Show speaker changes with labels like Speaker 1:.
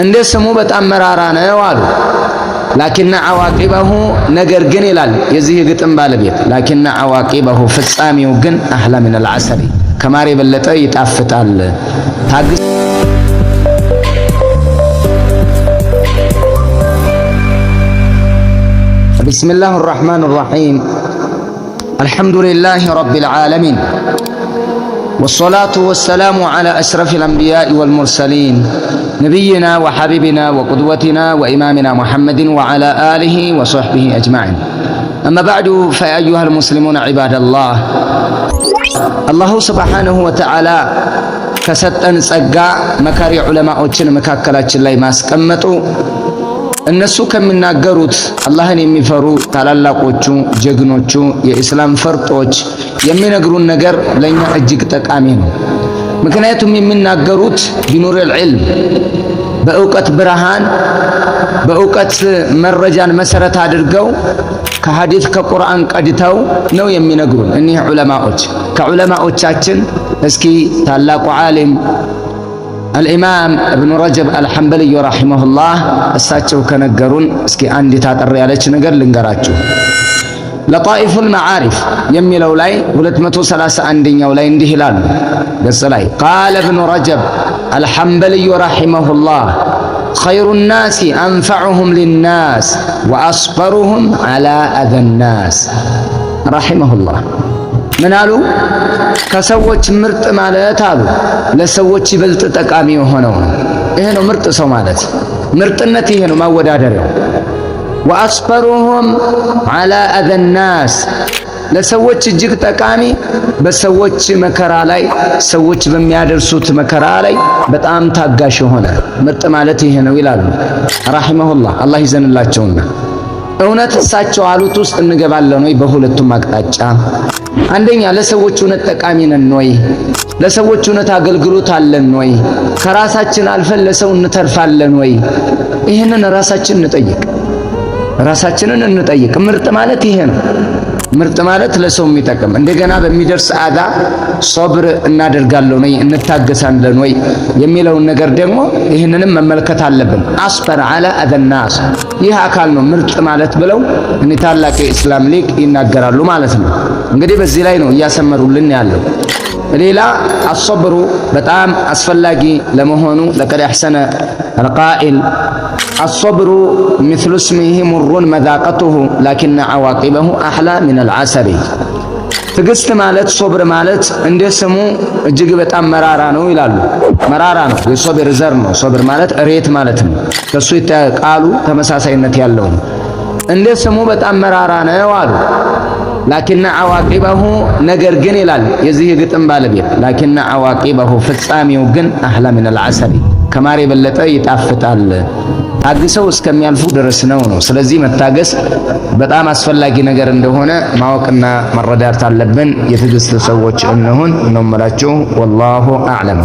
Speaker 1: እንደ ስሙ በጣም መራራ ነው አሉ። ላኪና አዋቂበሁ ነገር ግን ይላል የዚህ የግጥም ባለቤት ላኪና አዋቂበሁ ፍጻሜው ግን አህላ ሚነል ዐሰሪ ከማር የበለጠ ይጣፍጣል። ታግስ ብስሚላህ አራሕማን አራሒም አልሐምዱሊላህ ረቢል ዓለሚን والصلاة والسلام على أشرف الأنبياء والمرسلين نبينا وحبيبنا وقدوتنا وإمامنا محمد وعلى آله وصحبه أجمعين أما بعد فأيها المسلمون عباد الله الله سبحانه وتعالى مكاري علماء وشن مكاكلات መካከላችን ماسك ማስቀመጡ እነሱ ከሚናገሩት አላህን የሚፈሩ ታላላቆቹ ጀግኖቹ የኢስላም ፈርጦች የሚነግሩን ነገር ለኛ እጅግ ጠቃሚ ነው። ምክንያቱም የሚናገሩት ቢኑር ዒልም በእውቀት ብርሃን በእውቀት መረጃን መሰረት አድርገው ከሐዲት ከቁርአን ቀድተው ነው የሚነግሩን እኒህ ዑለማዎች ከዑለማዎቻችን እስኪ ታላቁ ዓሊም አልኢማም እብኑ ረጀብ አልሐንበልዩ ረሒመሁላህ እሳቸው ከነገሩን እስኪ አንዲት አጠር ያለች ነገር ልንገራችሁ። ለጣኢፉል መዓሪፍ የሚለው ላይ 231ኛው ላይ እንዲህ ይላሉ ገጽ ላይ ቃለ እብኑ ረጀብ አልሐንበልዩ ረሒመሁላህ ኸይሩ ናሲ አንፈዕሁም ሊናስ ወአስቀሩሁም ዓላ አዘ ናስ ረሒመሁላህ ምን አሉ? ከሰዎች ምርጥ ማለት አሉ ለሰዎች ይበልጥ ጠቃሚ የሆነው ይሄ ነው ምርጥ ሰው ማለት። ምርጥነት ይሄ ነው ማወዳደሪያው። ወአስፈሩሁም ዐላ አዘናስ ለሰዎች እጅግ ጠቃሚ በሰዎች መከራ ላይ ሰዎች በሚያደርሱት መከራ ላይ በጣም ታጋሽ የሆነ ምርጥ ማለት ይሄ ነው ይላሉ። ረሂመሁላህ አላህ ይዘንላቸውና እውነት እሳቸው አሉት ውስጥ እንገባለን ወይ? በሁለቱም አቅጣጫ አንደኛ ለሰዎች እውነት ጠቃሚ ነን ወይ? ለሰዎች እውነት አገልግሎት አለን ወይ? ከራሳችን አልፈን ለሰው እንተርፋለን ወይ? ይህንን ራሳችን እንጠይቅ፣ ራሳችንን እንጠይቅ። ምርጥ ማለት ይሄ ነው። ምርጥ ማለት ለሰው የሚጠቅም እንደገና በሚደርስ አዳ ሶብር እናደርጋለን ወይ እንታገሳለን ወይ የሚለውን ነገር ደግሞ ይህንንም መመልከት አለብን። አስፈር አለ አደናስ ይህ አካል ነው ምርጥ ማለት ብለው እኔ ታላቅ የኢስላም ሊቅ ይናገራሉ ማለት ነው። እንግዲህ በዚህ ላይ ነው እያሰመሩልን ያለው። ሌላ አሶብሩ በጣም አስፈላጊ ለመሆኑ ለቀድ አሕሰነ አልቃኢል አሶብሩ ምስሉ ስሚሂ ሙሩን መዛቀቱሁ ላኪነ አዋቂበሁ አህላ ሚነል አሰሪ። ትዕግስት ማለት ሶብር ማለት እንደ ስሙ እጅግ በጣም መራራ ነው ይላሉ። መራራ ነው የሶብር ዘር ነው። ሶብር ማለት ሬት ማለት ነው። ከሱ ቃሉ ተመሳሳይነት ያለው እንደ ስሙ በጣም መራራ ነው አሉ። ላኪነ አዋቂበሁ ነገር ግን ይላል የዚህ ግጥም ባለቤት ላኪነ አዋቂበሁ ፍጻሜው ግን አህላ ሚነል አሰሪ ከማር የበለጠ ይጣፍጣል። ታግሰው እስከሚያልፉ ድረስ ነው ነው። ስለዚህ መታገስ በጣም አስፈላጊ ነገር እንደሆነ ማወቅና መረዳት አለብን። የትዕግስት ሰዎች እንሁን ነው ወላሁ አዕለም